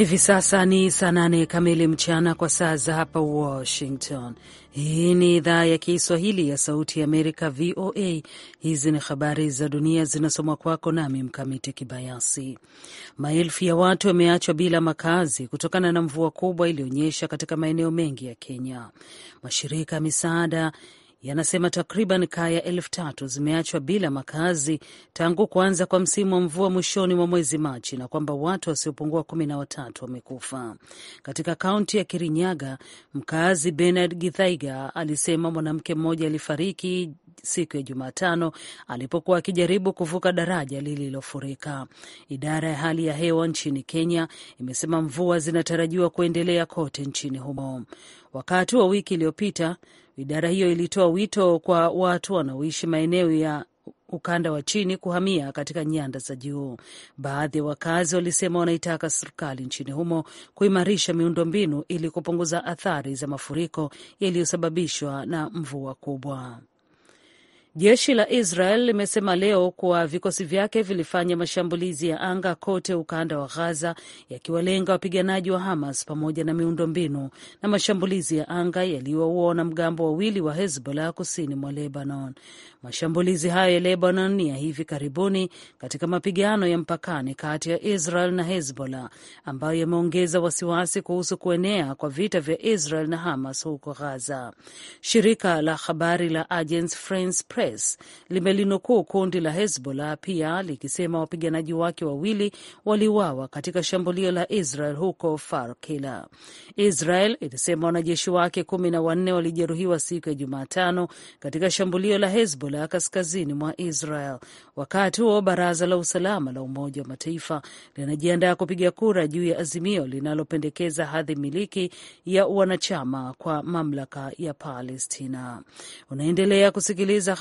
Hivi sasa ni saa nane kamili mchana kwa saa za hapa Washington. Hii ni idhaa ya Kiswahili ya Sauti ya Amerika, VOA. Hizi ni habari za dunia zinasomwa kwako nami Mkamiti Kibayasi. Maelfu ya watu wameachwa bila makazi kutokana na mvua kubwa iliyonyesha katika maeneo mengi ya Kenya. Mashirika ya misaada yanasema takriban kaya elfu tatu zimeachwa bila makazi tangu kuanza kwa msimu wa mvua mwishoni mwa mwezi Machi na kwamba watu wasiopungua kumi na watatu wamekufa. Katika kaunti ya Kirinyaga, mkaazi Benard Githaiga alisema mwanamke mmoja alifariki siku ya Jumatano alipokuwa akijaribu kuvuka daraja lililofurika. Idara ya hali ya hewa nchini Kenya imesema mvua zinatarajiwa kuendelea kote nchini humo. Wakati wa wiki iliyopita Idara hiyo ilitoa wito kwa watu wanaoishi maeneo ya ukanda wa chini kuhamia katika nyanda za juu. Baadhi ya wakazi walisema wanaitaka serikali nchini humo kuimarisha miundombinu ili kupunguza athari za mafuriko yaliyosababishwa na mvua kubwa. Jeshi la Israel limesema leo kuwa vikosi vyake vilifanya mashambulizi ya anga kote ukanda wa Ghaza, yakiwalenga wapiganaji wa Hamas pamoja na miundombinu na mashambulizi ya anga yaliyowaua wanamgambo wawili wa Hezbollah kusini mwa Lebanon. Mashambulizi hayo ya Lebanon ni ya hivi karibuni katika mapigano ya mpakani kati ya Israel na Hezbollah ambayo yameongeza wasiwasi kuhusu kuenea kwa vita vya Israel na Hamas huko Ghaza. Shirika la habari la Agence France Press limelinukuu kundi la Hezbollah pia likisema wapiganaji wake wawili waliuawa katika shambulio la Israel huko Farkila. Israel ilisema wanajeshi wake kumi na wanne walijeruhiwa siku ya Jumatano katika shambulio la Hezbollah kaskazini mwa Israel. Wakati huo baraza la usalama la Umoja wa Mataifa linajiandaa kupiga kura juu ya azimio linalopendekeza hadhi miliki ya wanachama kwa mamlaka ya Palestina. Unaendelea kusikiliza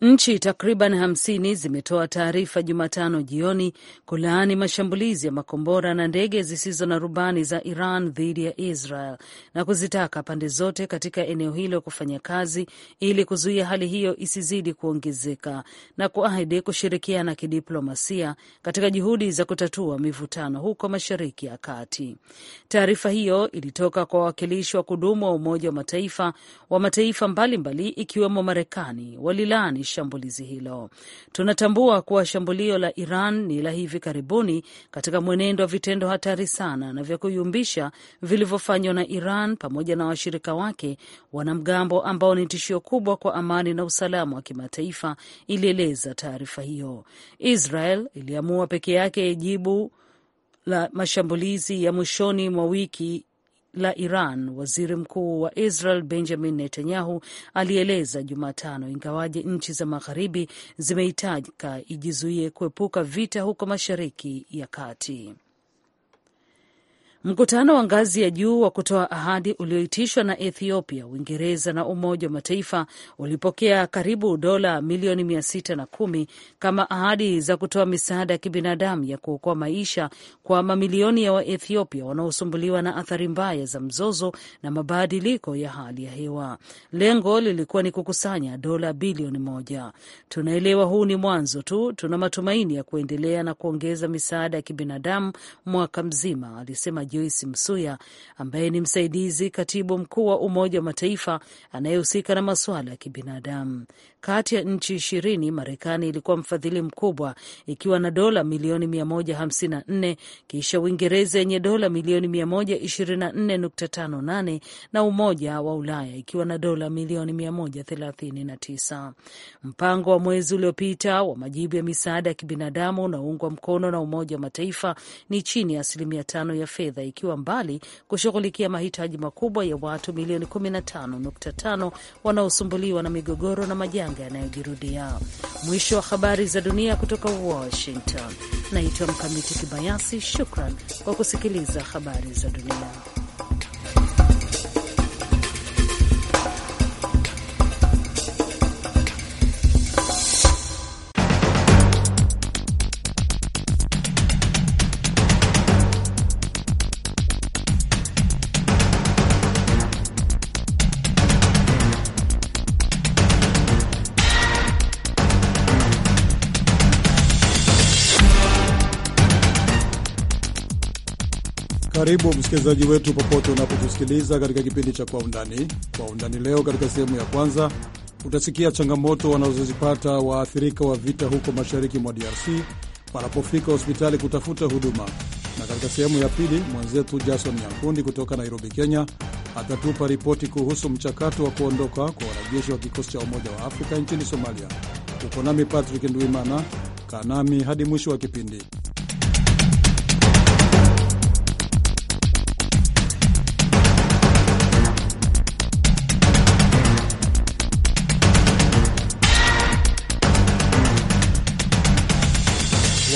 Nchi takriban hamsini zimetoa taarifa Jumatano jioni kulaani mashambulizi ya makombora na ndege zisizo na rubani za Iran dhidi ya Israel na kuzitaka pande zote katika eneo hilo kufanya kazi ili kuzuia hali hiyo isizidi kuongezeka na kuahidi kushirikiana kidiplomasia katika juhudi za kutatua mivutano huko Mashariki ya Kati. Taarifa hiyo ilitoka kwa wawakilishi wa kudumu wa Umoja wa Mataifa wa mataifa mbalimbali ikiwemo Marekani walilaani shambulizi hilo. Tunatambua kuwa shambulio la Iran ni la hivi karibuni katika mwenendo wa vitendo hatari sana na vya kuyumbisha vilivyofanywa na Iran pamoja na washirika wake wanamgambo ambao ni tishio kubwa kwa amani na usalama wa kimataifa, ilieleza taarifa hiyo. Israel iliamua peke yake jibu la mashambulizi ya mwishoni mwa wiki la Iran, waziri mkuu wa Israel Benjamin Netanyahu alieleza Jumatano, ingawaje nchi za magharibi zimeitaka ijizuie kuepuka vita huko Mashariki ya Kati. Mkutano wa ngazi ya juu wa kutoa ahadi ulioitishwa na Ethiopia, Uingereza na Umoja wa Mataifa ulipokea karibu dola milioni mia sita na kumi kama ahadi za kutoa misaada ya kibinadamu ya kuokoa maisha kwa mamilioni ya Waethiopia wanaosumbuliwa na athari mbaya za mzozo na mabadiliko ya hali ya hewa. Lengo lilikuwa ni kukusanya dola bilioni moja. Tunaelewa huu ni mwanzo tu, tuna matumaini ya kuendelea na kuongeza misaada ya kibinadamu mwaka mzima, alisema Joyce Msuya ambaye ni msaidizi katibu mkuu wa Umoja wa Mataifa anayehusika na masuala ya kibinadamu. Kati ya nchi ishirini, Marekani ilikuwa mfadhili mkubwa ikiwa na dola milioni 154, kisha Uingereza yenye dola milioni 124.58 na Umoja wa Ulaya ikiwa na dola milioni 139. Mpango wa mwezi uliopita wa majibu ya misaada ya kibinadamu unaoungwa mkono na Umoja wa Mataifa ni chini ya asilimia tano ya fedha, ikiwa mbali kushughulikia mahitaji makubwa ya watu milioni 15.5 wanaosumbuliwa na migogoro na majanga majanga yanayojirudia. Mwisho wa habari za dunia kutoka Washington. Naitwa Mkamiti Kibayasi. Shukran kwa kusikiliza habari za dunia. Karibu msikilizaji wetu popote unapotusikiliza katika kipindi cha Kwa Undani. Kwa Undani leo, katika sehemu ya kwanza utasikia changamoto wanazozipata waathirika wa vita huko mashariki mwa DRC wanapofika hospitali kutafuta huduma, na katika sehemu ya pili mwenzetu Jason Nyankundi kutoka Nairobi, Kenya, atatupa ripoti kuhusu mchakato wa kuondoka kwa wanajeshi wa kikosi cha Umoja wa Afrika nchini Somalia. Uko nami Patrick Ndwimana, kaa nami hadi mwisho wa kipindi.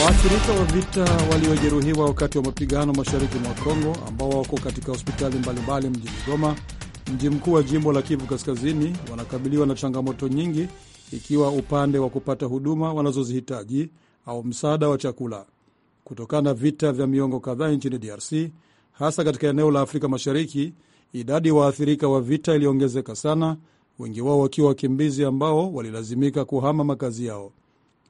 Waathirika wa vita waliojeruhiwa wakati wa mapigano mashariki mwa Kongo ambao wako katika hospitali mbalimbali mjini Goma, mji mkuu wa jimbo la Kivu Kaskazini, wanakabiliwa na changamoto nyingi, ikiwa upande wa kupata huduma wanazozihitaji au msaada wa chakula kutokana na vita vya miongo kadhaa nchini DRC, hasa katika eneo la Afrika Mashariki. Idadi ya waathirika wa vita iliongezeka sana, wengi wao wakiwa wakimbizi ambao walilazimika kuhama makazi yao.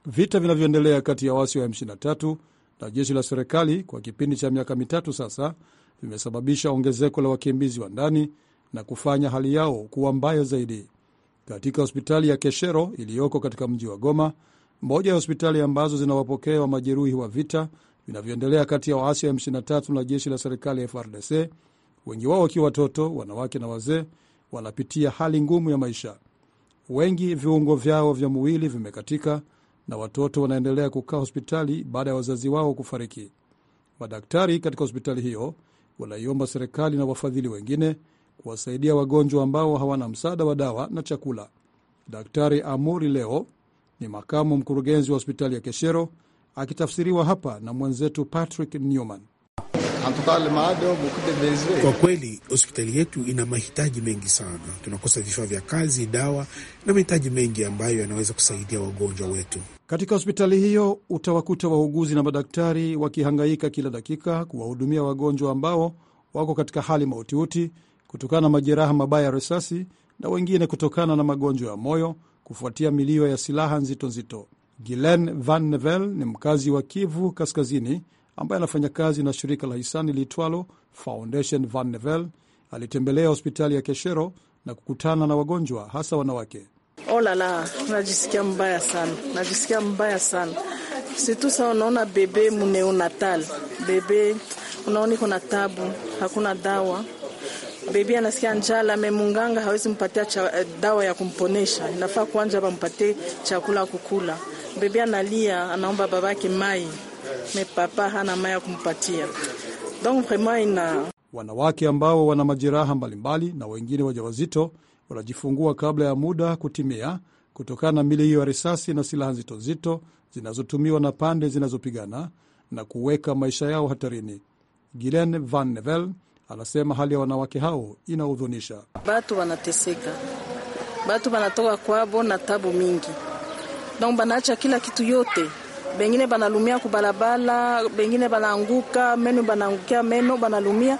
Vita vinavyoendelea kati ya waasi wa M23 na jeshi la serikali kwa kipindi cha miaka mitatu sasa vimesababisha ongezeko la wakimbizi wa ndani na kufanya hali yao kuwa mbaya zaidi. Katika hospitali ya Keshero iliyoko katika mji wa Goma, moja ya hospitali ambazo zinawapokea majeruhi wa vita vinavyoendelea kati ya waasi wa M23 na jeshi la serikali FRDC, wengi wao wakiwa watoto, wanawake na wazee, wanapitia hali ngumu ya maisha. Wengi viungo vyao vya mwili vimekatika na watoto wanaendelea kukaa hospitali baada ya wazazi wao kufariki. Madaktari katika hospitali hiyo wanaiomba serikali na wafadhili wengine kuwasaidia wagonjwa ambao hawana msaada wa dawa na chakula. Daktari Amuri leo ni makamu mkurugenzi wa hospitali ya Keshero, akitafsiriwa hapa na mwenzetu Patrick Newman. Kwa kweli hospitali yetu ina mahitaji mengi sana. Tunakosa vifaa vya kazi, dawa na mahitaji mengi ambayo yanaweza kusaidia wagonjwa wetu. Katika hospitali hiyo utawakuta wauguzi na madaktari wakihangaika kila dakika kuwahudumia wagonjwa ambao wako katika hali mautiuti kutokana na majeraha mabaya ya risasi na wengine kutokana na magonjwa ya moyo kufuatia milio ya silaha nzito nzito. Gilen Van Nevel ni mkazi wa Kivu Kaskazini ambaye anafanya kazi na shirika la hisani liitwalo Foundation Van Nevel. Alitembelea hospitali ya Keshero na kukutana na wagonjwa, hasa wanawake. Oh najisikia mbaya sana, najisikia mbaya sana situ saa unaona bebe muneonatal bebe unaona iko na tabu, hakuna dawa. Bebi anasikia njala, memunganga hawezi mpatia cha, eh, dawa ya kumponesha. Inafaa kwanja bampatie chakula kukula. Bebi analia, anaomba babake mai, me papa hana mai ya kumpatia. Donc vraiment ina Wanawake ambao wana majeraha mbalimbali na wengine wajawazito wanajifungua kabla ya muda kutimia kutokana na mili hiyo ya risasi na silaha nzito nzito zinazotumiwa na pande zinazopigana na kuweka maisha yao hatarini. Gilen Van Nevel anasema hali ya wanawake hao inahuzunisha. Batu wanateseka, batu wanatoka kwabo na tabu mingi, donc banaacha kila kitu yote bengine banalumia kubalabala, bengine banaanguka meno, banaangukia meno, banalumia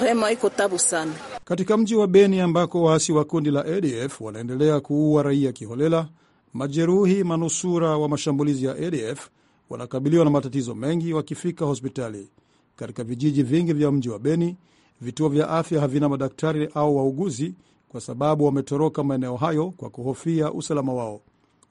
vrema, iko tabu sana katika mji wa Beni ambako waasi wa kundi la ADF wanaendelea kuua raia kiholela. Majeruhi manusura wa mashambulizi ya ADF wanakabiliwa na matatizo mengi wakifika hospitali. Katika vijiji vingi vya mji wa Beni, vituo vya afya havina madaktari au wauguzi kwa sababu wametoroka maeneo hayo kwa kuhofia usalama wao.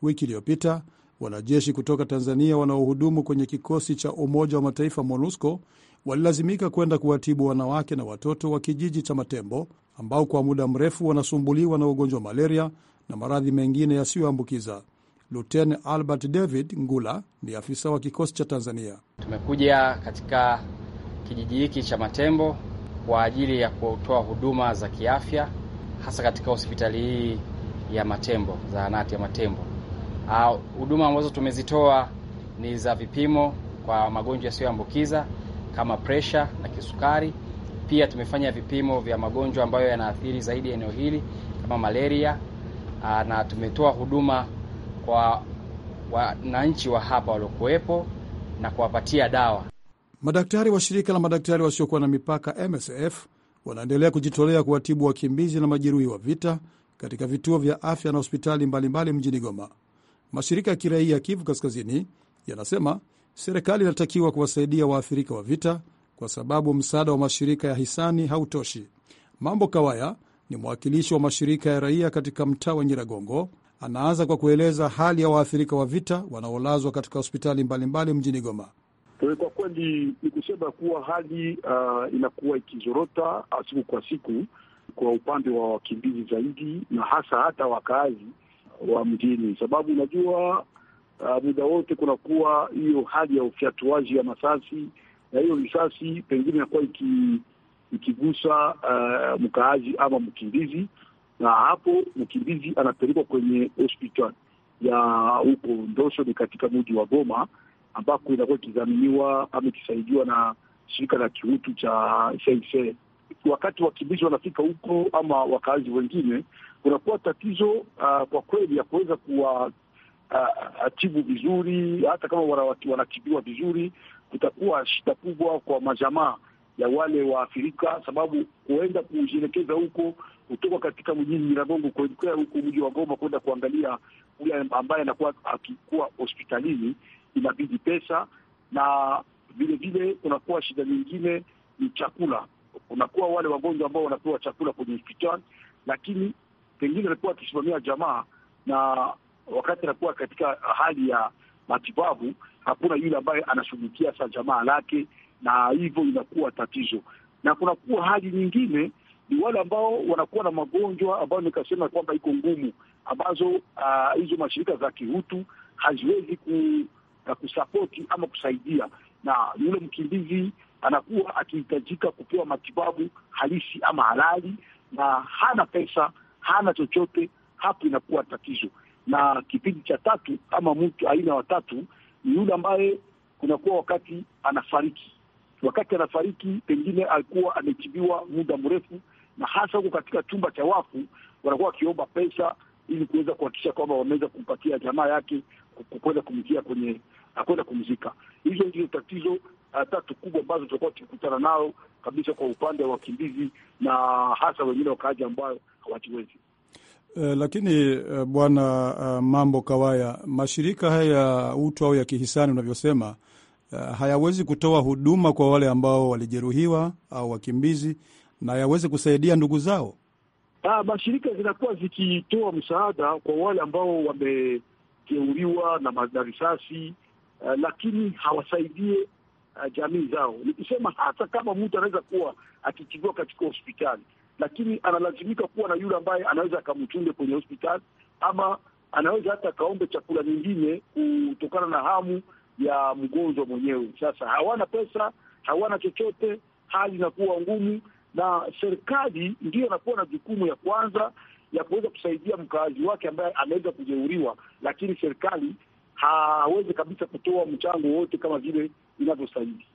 Wiki iliyopita Wanajeshi kutoka Tanzania wanaohudumu kwenye kikosi cha Umoja wa Mataifa MONUSCO walilazimika kwenda kuwatibu wanawake na watoto wa kijiji cha Matembo ambao kwa muda mrefu wanasumbuliwa na ugonjwa wa malaria na maradhi mengine yasiyoambukiza. Luteni Albert David Ngula ni afisa wa kikosi cha Tanzania. Tumekuja katika kijiji hiki cha Matembo kwa ajili ya kutoa huduma za kiafya hasa katika hospitali hii ya Matembo, zahanati ya Matembo Ah, huduma uh, ambazo tumezitoa ni za vipimo kwa magonjwa yasiyoambukiza kama presha na kisukari. Pia tumefanya vipimo vya magonjwa ambayo yanaathiri zaidi eneo hili kama malaria uh, na tumetoa huduma kwa wananchi wa hapa waliokuwepo na kuwapatia dawa. Madaktari wa shirika la madaktari wasiokuwa na mipaka MSF wanaendelea kujitolea kuwatibu wakimbizi na majeruhi wa vita katika vituo vya afya na hospitali mbalimbali mjini Goma. Mashirika ya kiraia Kivu Kaskazini yanasema serikali inatakiwa kuwasaidia waathirika wa vita kwa sababu msaada wa mashirika ya hisani hautoshi. Mambo Kawaya ni mwakilishi wa mashirika ya raia katika mtaa wa Nyiragongo. Anaanza kwa kueleza hali ya waathirika wa vita wanaolazwa katika hospitali mbalimbali mjini Goma. Eh, kwa kweli ni kusema kuwa hali uh, inakuwa ikizorota ah, siku kwa siku kwa upande wa wakimbizi zaidi na hasa hata wakaazi wa mjini, sababu unajua uh, muda wote kunakuwa hiyo hali ya ufyatuaji ya masasi na hiyo risasi pengine inakuwa iki, ikigusa uh, mkaaji ama mkimbizi, na hapo mkimbizi anapelekwa kwenye hospital ya huko Ndosho, ni katika mji wa Goma ambako inakuwa ikidhaminiwa ama ikisaidiwa na shirika la kiutu cha Wakati wakimbizi wanafika huko ama wakaazi wengine kunakuwa tatizo uh, kwa kweli ya kuweza kuwatibu ah, uh, vizuri. Hata kama wanatibiwa vizuri, kutakuwa shida kubwa kwa majamaa ya wale waathirika, sababu kuenda kujielekeza huko kutoka katika mjini Nyiragongo kuelekea huko mji wa Goma kuenda kuangalia ule ambaye anakuwa akikuwa hospitalini inabidi pesa, na vile vile kunakuwa shida nyingine ni chakula. Kunakuwa wale wagonjwa ambao wanapewa chakula kwenye hospitali, lakini pengine alikuwa akisimamia jamaa, na wakati anakuwa katika hali ya matibabu, hakuna yule ambaye anashughulikia sa jamaa lake, na hivyo inakuwa tatizo. Na kunakuwa hali nyingine ni wale ambao wanakuwa na magonjwa ambayo nikasema kwamba iko ngumu, ambazo ah, hizo uh, mashirika za kihutu haziwezi ku, uh, ah, kusapoti ama kusaidia, na yule mkimbizi anakuwa akihitajika kupewa matibabu halisi ama halali na hana pesa hana chochote, hapo inakuwa tatizo. Na kipindi cha tatu ama mtu aina wa tatu ni yule ambaye kunakuwa wakati anafariki. Wakati anafariki, pengine alikuwa ametibiwa muda mrefu, na hasa huko katika chumba cha wafu wanakuwa wakiomba pesa ili kuweza kuhakikisha kwamba wameweza kumpatia jamaa yake kuweza kumtia kwenye na kwenda kumzika. Hizo ndio tatizo uh, tatu kubwa ambazo tutakuwa tukikutana nao kabisa kwa upande wa wakimbizi na hasa wengine wakaaji ambayo hawajiwezi. Uh, lakini uh, bwana uh, Mambo Kawaya, mashirika haya ya utu au ya kihisani unavyosema, uh, hayawezi kutoa huduma kwa wale ambao walijeruhiwa au wakimbizi na yaweze kusaidia ndugu zao. Ha, ah, mashirika zinakuwa zikitoa msaada kwa wale ambao wamejeuriwa na risasi uh, lakini hawasaidie uh, jamii zao. Nikisema hata kama mtu anaweza kuwa akitibiwa katika hospitali, lakini analazimika kuwa na yule ambaye anaweza akamchunge kwenye hospitali, ama anaweza hata akaombe chakula nyingine kutokana na hamu ya mgonjwa mwenyewe. Sasa hawana pesa, hawana chochote, hali inakuwa ngumu, na serikali ndiyo inakuwa na jukumu ya kwanza ya kuweza kusaidia mkaazi wake ambaye ameweza kujeuriwa lakini serikali hawezi kabisa kutoa mchango wote kama vile inavyostahili.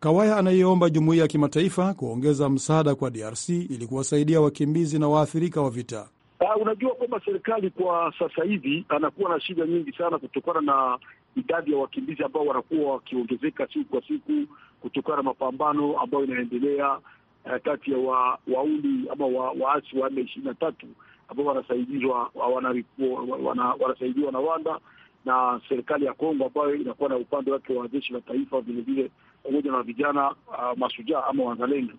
Kawaya anayeomba jumuiya ya kimataifa kuongeza msaada kwa DRC ili kuwasaidia wakimbizi na waathirika wa vita. Uh, unajua kwamba serikali kwa sasa hivi anakuwa na shida nyingi sana kutokana na idadi ya wakimbizi ambao wanakuwa wakiongezeka siku kwa siku kutokana na mapambano ambayo inaendelea uh, kati ya wa, ama wa, waasi wa eme ishirini na tatu ambao wanasaidizwa wanasaidiwa na Rwanda na serikali ya Kongo ambayo inakuwa na upande wake wa jeshi la taifa vilevile, pamoja na vijana uh, mashujaa ama wazalendo.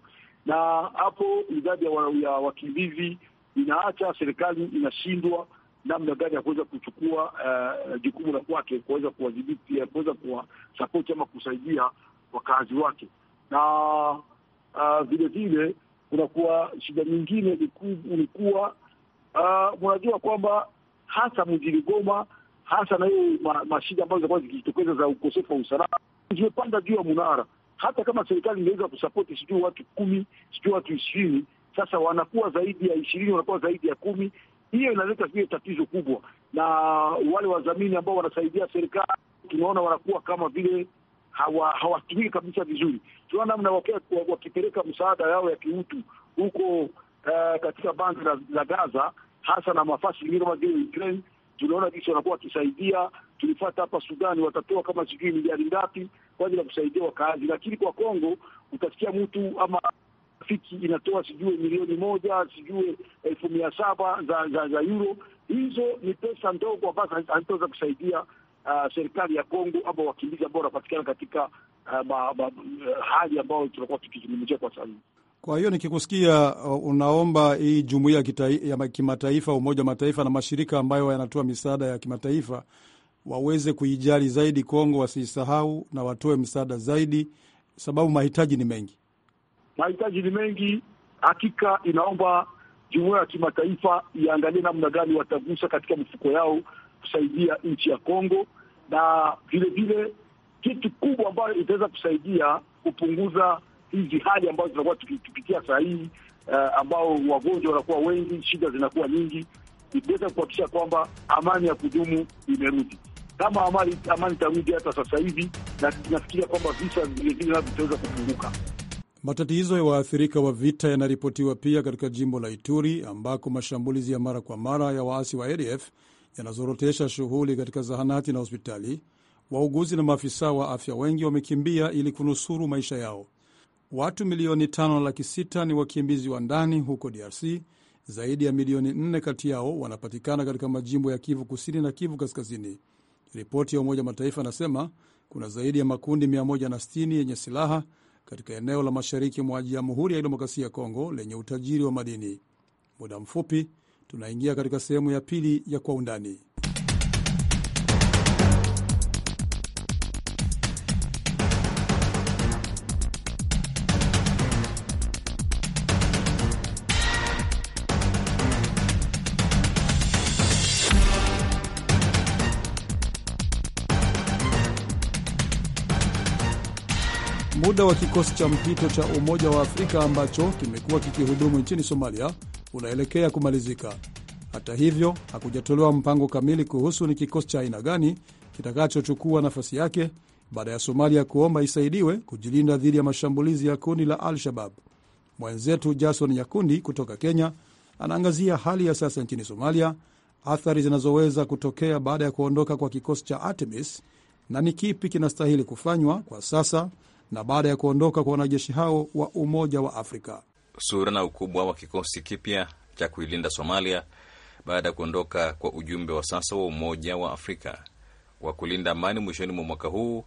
Na hapo idadi ya wakimbizi inaacha serikali inashindwa namna gani ya kuweza kuchukua uh, jukumu la kwake kuweza kuwadhibiti, kuweza kuwasapoti ama kusaidia wakazi wake, na vilevile ah, kunakuwa shida nyingine ni kuwa uh, mnajua kwamba hasa mjini Goma hasa na hiyo mashida ambazo zilikuwa zikijitokeza za ukosefu wa usalama zimepanda juu ya mnara. Hata kama serikali imeweza kusapoti sijui watu kumi sijui watu ishirini, sasa wanakuwa zaidi ya ishirini, wanakuwa zaidi ya kumi. Hiyo inaleta vile tatizo kubwa, na wale wadhamini ambao wanasaidia serikali tunaona wanakuwa kama vile hawatumiki hawa kabisa vizuri. Tunaona namna wakipeleka msaada yao ya kiutu huko uh, katika banda la Gaza hasa na mafasi mengine kama vile Ukraine tuliona jinsi wanakuwa wakisaidia. Tulifata hapa Sudani, watatoa kama sijui miliari ngapi kwa ajili ya kusaidia wakaazi, lakini kwa Kongo utasikia mtu ama rafiki inatoa sijue milioni moja sijue elfu mia saba za, za, za euro. Hizo ni pesa ndogo ambazo hazitaweza kusaidia uh, serikali ya Kongo ama wakimbizi ambao wanapatikana katika uh, ma, ma, eh, hali ambayo tunakuwa tukizungumzia kwa sasa kwa hiyo nikikusikia, uh, unaomba hii jumuiya ya kimataifa, Umoja wa Mataifa na mashirika ambayo yanatoa misaada ya kimataifa waweze kuijali zaidi Kongo, wasiisahau na watoe msaada zaidi, sababu mahitaji ni mengi, mahitaji ni mengi. Hakika inaomba jumuiya ya kimataifa iangalie namna gani watagusa katika mifuko yao kusaidia nchi ya Kongo, na vilevile kitu kubwa ambayo itaweza kusaidia kupunguza hizi hali ambazo tunakuwa tukipitia saa hii uh, ambao wagonjwa wanakuwa wengi, shida zinakuwa nyingi, ikiweza kuhakikisha kwamba amani ya kudumu imerudi. Kama amani amani itarudi hata sasa hivi, na tunafikiria kwamba visa vilevile navyo vitaweza kupunguka. Matatizo ya waathirika wa vita yanaripotiwa pia katika jimbo la Ituri ambako mashambulizi ya mara kwa mara ya waasi wa ADF yanazorotesha shughuli katika zahanati na hospitali. Wauguzi na maafisa wa afya wengi wamekimbia ili kunusuru maisha yao. Watu milioni tano laki sita ni wakimbizi wa ndani huko DRC. Zaidi ya milioni nne kati yao wanapatikana katika majimbo ya Kivu kusini na Kivu kaskazini. Ripoti ya Umoja Mataifa anasema kuna zaidi ya makundi 160 yenye silaha katika eneo la mashariki mwa Jamhuri ya Kidemokrasia ya Kongo lenye utajiri wa madini. Muda mfupi tunaingia katika sehemu ya pili ya Kwa Undani. muda wa kikosi cha mpito cha Umoja wa Afrika ambacho kimekuwa kikihudumu nchini Somalia unaelekea kumalizika. Hata hivyo, hakujatolewa mpango kamili kuhusu ni kikosi cha aina gani kitakachochukua nafasi yake baada ya Somalia kuomba isaidiwe kujilinda dhidi ya mashambulizi ya kundi la Al-Shabab. Mwenzetu Jason Nyakundi kutoka Kenya anaangazia hali ya sasa nchini Somalia, athari zinazoweza kutokea baada ya kuondoka kwa kikosi cha Artemis na ni kipi kinastahili kufanywa kwa sasa na baada ya kuondoka kwa wanajeshi hao wa Umoja wa Afrika. Sura na ukubwa wa kikosi kipya cha kuilinda Somalia baada ya kuondoka kwa ujumbe wa sasa wa Umoja wa Afrika wa kulinda amani mwishoni mwa mwaka huu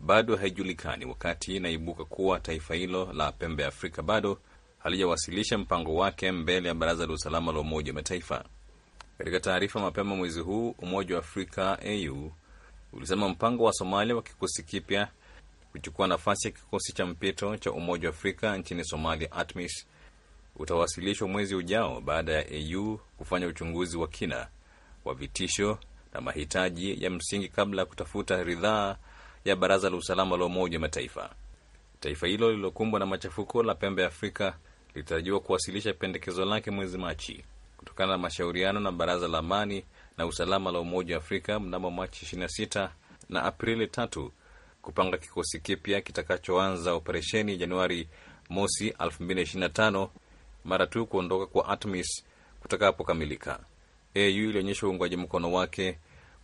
bado haijulikani, wakati inaibuka kuwa taifa hilo la pembe ya Afrika bado halijawasilisha mpango wake mbele ya Baraza la Usalama la Umoja wa Mataifa. Katika taarifa mapema mwezi huu, Umoja wa Afrika au ulisema mpango wa Somalia wa kikosi kipya kuchukua nafasi ya kikosi cha mpito cha Umoja wa Afrika nchini Somalia, ATMIS, utawasilishwa mwezi ujao baada ya AU kufanya uchunguzi wa kina wa vitisho na mahitaji ya msingi kabla ya kutafuta ridhaa ya Baraza la Usalama la Umoja wa Mataifa. Taifa hilo lililokumbwa na machafuko la Pembe ya Afrika lilitarajiwa kuwasilisha pendekezo lake mwezi Machi kutokana na mashauriano na Baraza la Amani na Usalama la Umoja wa Afrika mnamo Machi 26 na Aprili tatu kupanga kikosi kipya kitakachoanza operesheni Januari mosi 2025 mara tu kuondoka kwa ATMIS kutakapokamilika. AU ilionyesha uungwaji mkono wake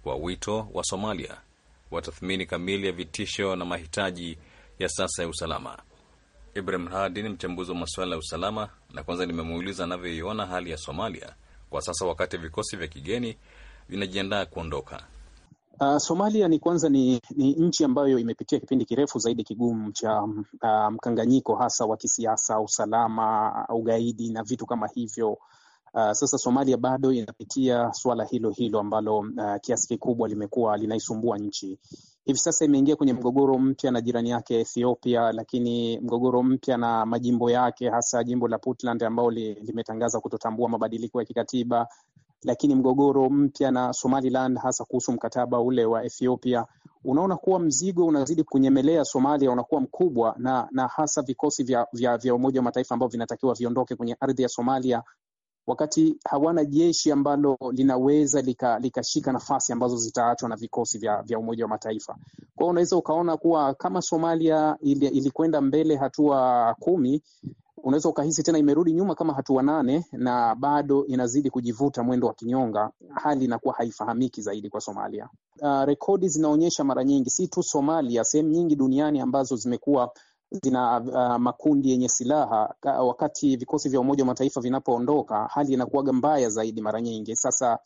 wa wito wa Somalia wa tathmini kamili ya vitisho na mahitaji ya sasa ya usalama. Ibrahim Hadi ni mchambuzi wa masuala ya usalama, na kwanza nimemuuliza anavyoiona hali ya Somalia kwa sasa wakati vikosi vya kigeni vinajiandaa kuondoka. Uh, Somalia ni kwanza ni, ni nchi ambayo imepitia kipindi kirefu zaidi kigumu cha uh, mkanganyiko hasa wa kisiasa, usalama, ugaidi na vitu kama hivyo. Uh, sasa Somalia bado inapitia suala hilo hilo ambalo uh, kiasi kikubwa limekuwa linaisumbua nchi. Hivi sasa imeingia kwenye mgogoro mpya na jirani yake Ethiopia, lakini mgogoro mpya na majimbo yake hasa jimbo la Puntland ambao li, limetangaza kutotambua mabadiliko ya kikatiba lakini mgogoro mpya na Somaliland, hasa kuhusu mkataba ule wa Ethiopia, unaona kuwa mzigo unazidi kunyemelea Somalia unakuwa mkubwa, na na hasa vikosi vya, vya, vya Umoja wa Mataifa ambavyo vinatakiwa viondoke kwenye ardhi ya Somalia wakati hawana jeshi ambalo linaweza likashika lika nafasi ambazo zitaachwa na vikosi vya, vya Umoja wa Mataifa. Kwa hiyo unaweza ukaona kuwa kama Somalia ilikwenda mbele hatua kumi unaweza ukahisi tena imerudi nyuma kama hatua nane na bado inazidi kujivuta mwendo wa kinyonga. Hali inakuwa haifahamiki zaidi kwa Somalia. Uh, rekodi zinaonyesha mara nyingi, si tu Somalia, sehemu nyingi duniani ambazo zimekuwa zina uh, makundi yenye silaha wakati vikosi vya Umoja wa Mataifa vinapoondoka, hali inakuwaga mbaya zaidi mara nyingi. Sasa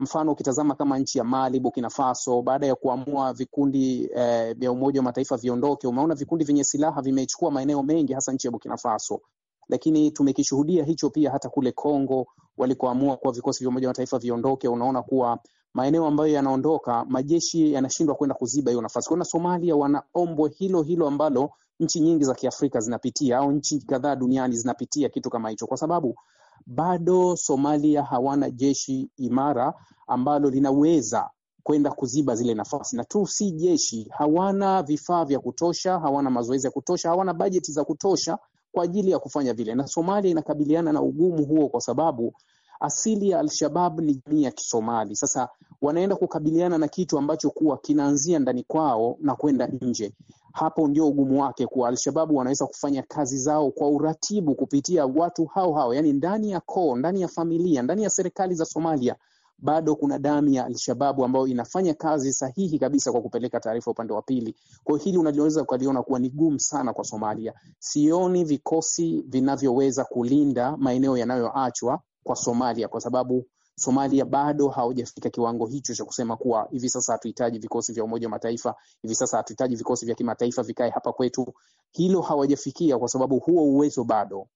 mfano ukitazama kama nchi ya Mali, Burkina Faso, baada ya kuamua vikundi eh, vya Umoja wa Mataifa viondoke, umeona vikundi vyenye silaha vimechukua maeneo mengi, hasa nchi ya Burkina Faso. Lakini tumekishuhudia hicho pia hata kule Kongo walikoamua kuwa vikosi vya Umoja wa Mataifa viondoke, unaona kuwa maeneo ambayo yanaondoka majeshi yanashindwa kwenda kuziba hiyo nafasi. Kuna Somalia wana ombwe hilo hilo ambalo nchi nyingi za Kiafrika zinapitia au nchi kadhaa duniani zinapitia kitu kama hicho, kwa sababu bado Somalia hawana jeshi imara ambalo linaweza kwenda kuziba zile nafasi, na tu si jeshi, hawana vifaa vya kutosha, hawana mazoezi ya kutosha, hawana bajeti za kutosha kwa ajili ya kufanya vile, na Somalia inakabiliana na ugumu huo kwa sababu asili ya Al-Shabab ni jamii ya Kisomali. Sasa wanaenda kukabiliana na kitu ambacho kuwa kinaanzia ndani kwao na kwenda nje. Hapo ndio ugumu wake, kuwa al wanaweza kufanya kazi zao kwa uratibu kupitia watu hao hao, yani ndani ya koo, ndani ya familia, ndani ya serikali za Somalia bado kuna damu ya Alshababu ambayo inafanya kazi sahihi kabisa kwa kupeleka taarifa upande wa pili. Kwa hiyo hili unaliweza ukaliona kuwa ni gumu sana kwa Somalia. Sioni vikosi vinavyoweza kulinda maeneo yanayoachwa kwa Somalia, kwa sababu Somalia bado hawajafika kiwango hicho cha kusema kuwa hivi sasa hatuhitaji vikosi vya Umoja wa Mataifa, hivi sasa hatuhitaji vikosi vya kimataifa vikae hapa kwetu. Hilo hawajafikia kwa sababu huo uwezo bado.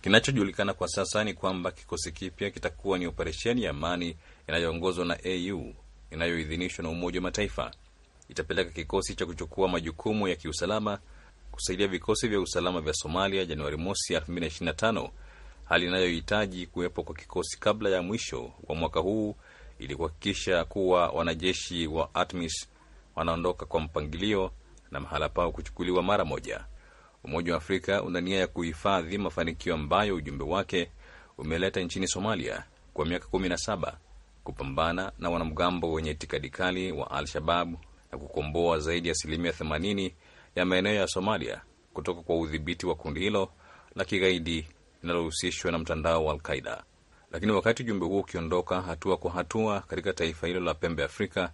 Kinachojulikana kwa sasa ni kwamba kikosi kipya kitakuwa ni operesheni ya amani inayoongozwa na AU inayoidhinishwa na Umoja wa Mataifa. Itapeleka kikosi cha kuchukua majukumu ya kiusalama kusaidia vikosi vya usalama vya Somalia Januari mosi hali inayohitaji kuwepo kwa kikosi kabla ya mwisho wa mwaka huu ili kuhakikisha kuwa wanajeshi wa ATMIS wanaondoka kwa mpangilio na mahala pao kuchukuliwa mara moja. Umoja wa Afrika una nia ya kuhifadhi mafanikio ambayo ujumbe wake umeleta nchini Somalia kwa miaka kumi na saba kupambana na wanamgambo wenye itikadi kali wa al shababu na kukomboa zaidi ya asilimia themanini ya maeneo ya Somalia kutoka kwa udhibiti wa kundi hilo la kigaidi linalohusishwa na mtandao wa Alqaida. Lakini wakati ujumbe huo ukiondoka hatua kwa hatua katika taifa hilo la pembe Afrika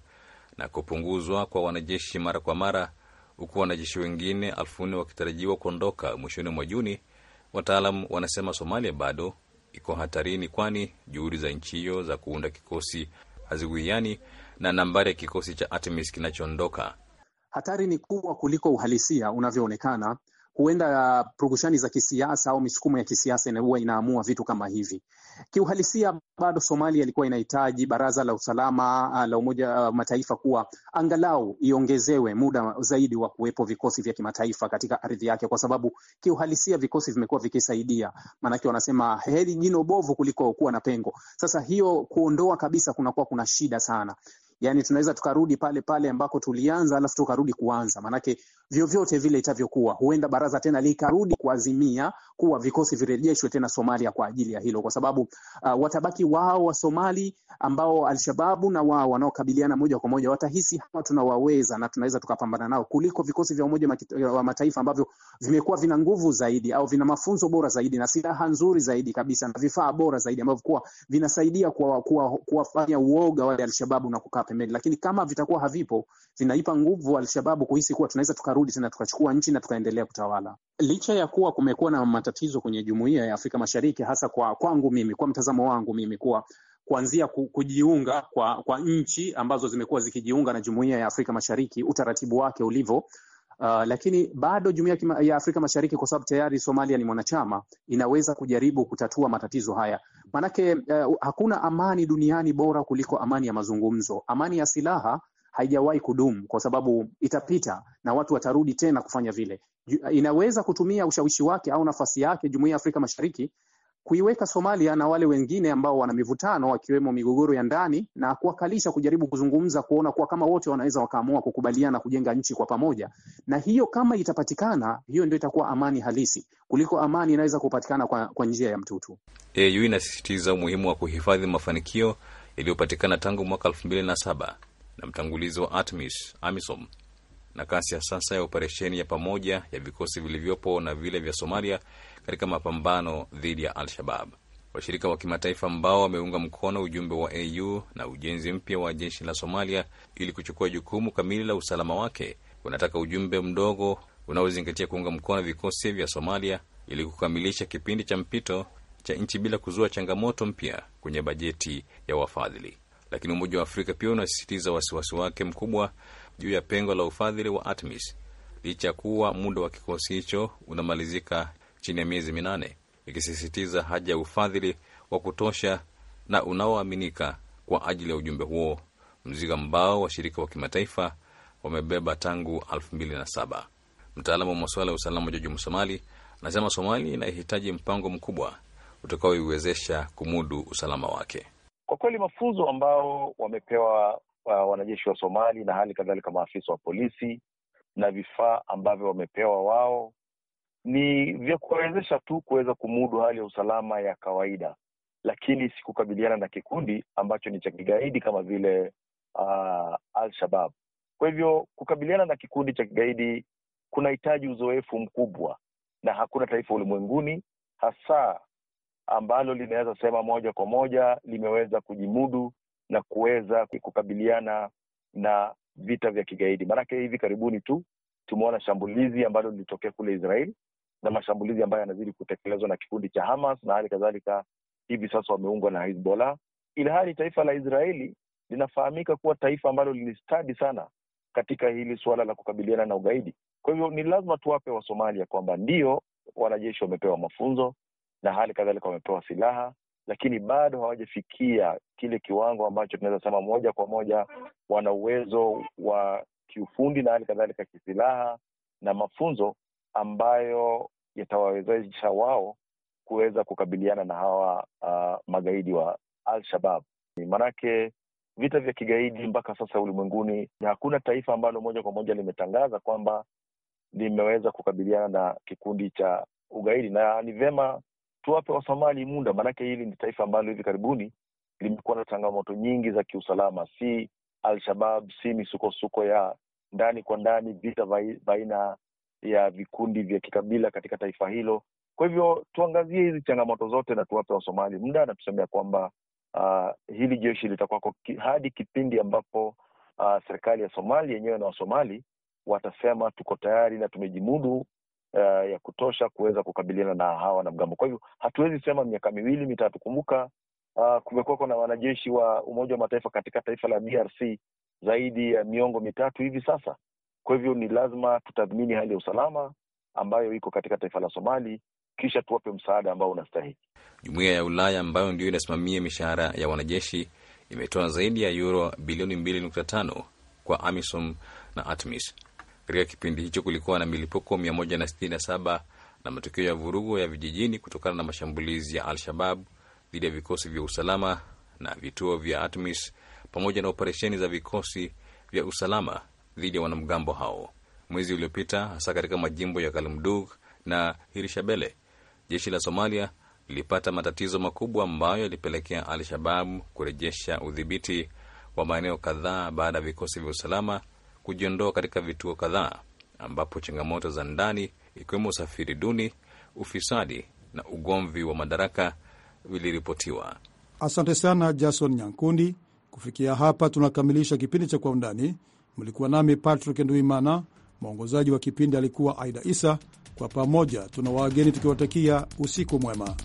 na kupunguzwa kwa wanajeshi mara kwa mara, huku wanajeshi wengine elfu nne wakitarajiwa kuondoka mwishoni mwa Juni, wataalam wanasema Somalia bado iko hatarini, kwani juhudi za nchi hiyo za kuunda kikosi haziwiani na nambari ya kikosi cha Artemis kinachoondoka. Hatari ni kubwa kuliko uhalisia unavyoonekana, huenda prugushani za kisiasa au misukumo ya kisiasa huwa inaamua vitu kama hivi. Kiuhalisia bado Somalia ilikuwa inahitaji baraza la usalama ah, la Umoja wa ah, Mataifa kuwa angalau iongezewe muda zaidi wa kuwepo vikosi vya kimataifa katika ardhi yake, kwa sababu kiuhalisia vikosi vimekuwa vikisaidia. Maanake wanasema heri jino bovu kuliko kuwa na pengo. Sasa hiyo kuondoa kabisa kunakuwa kuna shida sana yani tunaweza tukarudi pale pale ambako tulianza, alafu tukarudi kuanza, maanake vyovyote vile itavyokuwa, huenda baraza tena likarudi kuazimia kuwa vikosi virejeshwe tena Somalia kwa ajili ya hilo, kwa sababu uh, watabaki wao wa Somali ambao Alshababu na wao wanaokabiliana moja kwa moja watahisi hawa tunawaweza na tunaweza tukapambana nao kuliko vikosi vya Umoja wa Mataifa ambavyo vimekuwa vina nguvu zaidi au vina mafunzo bora zaidi na silaha nzuri zaidi kabisa na vifaa bora zaidi ambavyo kuwa vinasaidia kuwafanya kuwa, kuwa uoga wale Alshababu na kukaa pembeni, lakini kama vitakuwa havipo, vinaipa nguvu Alshababu kuhisi kuwa tunaweza tukarudi tena tukachukua nchi na tukaendelea kutawala. Licha ya kuwa kumekuwa na matatizo kwenye jumuiya ya Afrika Mashariki, hasa kwa kwangu mimi, kwa mtazamo wangu mimi kuwa kuanzia kujiunga kwa, kwa nchi ambazo zimekuwa zikijiunga na jumuiya ya Afrika Mashariki, utaratibu wake ulivyo Uh, lakini bado jumuiya ya Afrika Mashariki kwa sababu tayari Somalia ni mwanachama inaweza kujaribu kutatua matatizo haya. Manake uh, eh, hakuna amani duniani bora kuliko amani ya mazungumzo. Amani ya silaha haijawahi kudumu kwa sababu itapita na watu watarudi tena kufanya vile. Inaweza kutumia ushawishi wake au nafasi yake jumuiya ya Afrika Mashariki kuiweka Somalia na wale wengine ambao wana mivutano wakiwemo migogoro ya ndani na kuwakalisha kujaribu kuzungumza kuona kuwa kama wote wanaweza wakaamua kukubaliana kujenga nchi kwa pamoja. Na hiyo kama itapatikana, hiyo ndio itakuwa amani halisi kuliko amani inaweza kupatikana kwa, kwa njia ya mtutu. AU inasisitiza umuhimu wa kuhifadhi mafanikio yaliyopatikana tangu mwaka saba na mtangulizi wa ATMIS, AMISOM na kasi ya sasa ya operesheni ya pamoja ya vikosi vilivyopo na vile vya Somalia katika mapambano dhidi ya Al-Shabab. Washirika wa kimataifa ambao wameunga mkono ujumbe wa AU na ujenzi mpya wa jeshi la Somalia ili kuchukua jukumu kamili la usalama wake unataka ujumbe mdogo unaozingatia kuunga mkono vikosi vya Somalia ili kukamilisha kipindi cha mpito cha nchi bila kuzua changamoto mpya kwenye bajeti ya wafadhili. Lakini Umoja wa Afrika pia unasisitiza wasiwasi wake mkubwa juu ya pengo la ufadhili wa ATMIS licha ya kuwa muda wa kikosi hicho unamalizika chini ya miezi minane, ikisisitiza haja ya ufadhili wa kutosha na unaoaminika kwa ajili ya ujumbe huo, mzigo ambao washirika wa kimataifa wamebeba tangu 2007. Mtaalamu wa masuala ya usalama Jaji Msomali anasema somali inahitaji mpango mkubwa utakaoiwezesha kumudu usalama wake. Kwa kweli mafunzo ambao wamepewa uh, wanajeshi wa Somali na hali kadhalika maafisa wa polisi na vifaa ambavyo wamepewa wao ni vya kuwawezesha tu kuweza kumudu hali ya usalama ya kawaida, lakini si kukabiliana na kikundi ambacho ni cha kigaidi kama vile uh, Al-Shabab. Kwa hivyo kukabiliana na kikundi cha kigaidi kunahitaji uzoefu mkubwa, na hakuna taifa ulimwenguni hasa ambalo linaweza sema moja kwa moja limeweza kujimudu na kuweza kukabiliana na vita vya kigaidi. Maanake hivi karibuni tu tumeona shambulizi ambalo lilitokea kule Israeli na mashambulizi ambayo yanazidi kutekelezwa na kikundi cha Hamas na hali kadhalika, hivi sasa wameungwa na Hizbollah, ilhali taifa la Israeli linafahamika kuwa taifa ambalo lilistadi sana katika hili suala la kukabiliana na ugaidi. Kwa hivyo ni lazima tuwape Wasomalia kwamba ndio wanajeshi wamepewa mafunzo na hali kadhalika wamepewa silaha, lakini bado hawajafikia kile kiwango ambacho tunaweza sema moja kwa moja wana uwezo wa kiufundi na hali kadhalika kisilaha na mafunzo ambayo yatawawezesha wao kuweza kukabiliana na hawa uh, magaidi wa Al-Shabab. Maanake vita vya kigaidi mpaka sasa ulimwenguni, hakuna taifa ambalo moja kwa moja limetangaza kwamba limeweza kukabiliana na kikundi cha ugaidi, na ni vema tuwape Wasomali muda, maanake hili ni taifa ambalo hivi karibuni limekuwa na changamoto nyingi za kiusalama, si Al-Shabab, si misukosuko ya ndani kwa ndani, vita baina ya vikundi vya kikabila katika taifa hilo. Kwa hivyo tuangazie hizi changamoto zote na tuwape Wasomali muda na kwamba uh, hili jeshi litakuwako hadi kipindi ambapo uh, serikali ya Somali yenyewe na Wasomali watasema tuko tayari na tumejimudu Uh, ya kutosha kuweza kukabiliana na hawa wanamgambo. Kwa hivyo hatuwezi sema miaka miwili mitatu. Kumbuka uh, kumekuwako na wanajeshi wa Umoja wa Mataifa katika taifa la DRC zaidi ya miongo mitatu hivi sasa, kwa hivyo ni lazima tutathmini hali ya usalama ambayo iko katika taifa la Somali, kisha tuwape msaada ambao unastahili. Jumuiya ya Ulaya ambayo ndio inasimamia mishahara ya wanajeshi imetoa zaidi ya euro bilioni 2.5 kwa AMISOM na ATMIS. Katika kipindi hicho kulikuwa na milipuko 167 na matukio ya vurugu ya vijijini kutokana na mashambulizi ya Al-Shabab dhidi ya vikosi vya usalama na vituo vya ATMIS pamoja na operesheni za vikosi vya usalama dhidi ya wanamgambo hao mwezi uliopita, hasa katika majimbo ya Galmudug na Hirshabelle. Jeshi la Somalia lilipata matatizo makubwa ambayo yalipelekea Al Shabab kurejesha udhibiti wa maeneo kadhaa baada ya vikosi vya usalama kujiondoa katika vituo kadhaa, ambapo changamoto za ndani ikiwemo usafiri duni, ufisadi na ugomvi wa madaraka viliripotiwa. Asante sana Jason Nyankundi. Kufikia hapa tunakamilisha kipindi cha Kwa Undani. Mlikuwa nami Patrick Nduimana, mwongozaji wa kipindi alikuwa Aida Isa. Kwa pamoja tuna wageni tukiwatakia usiku mwema.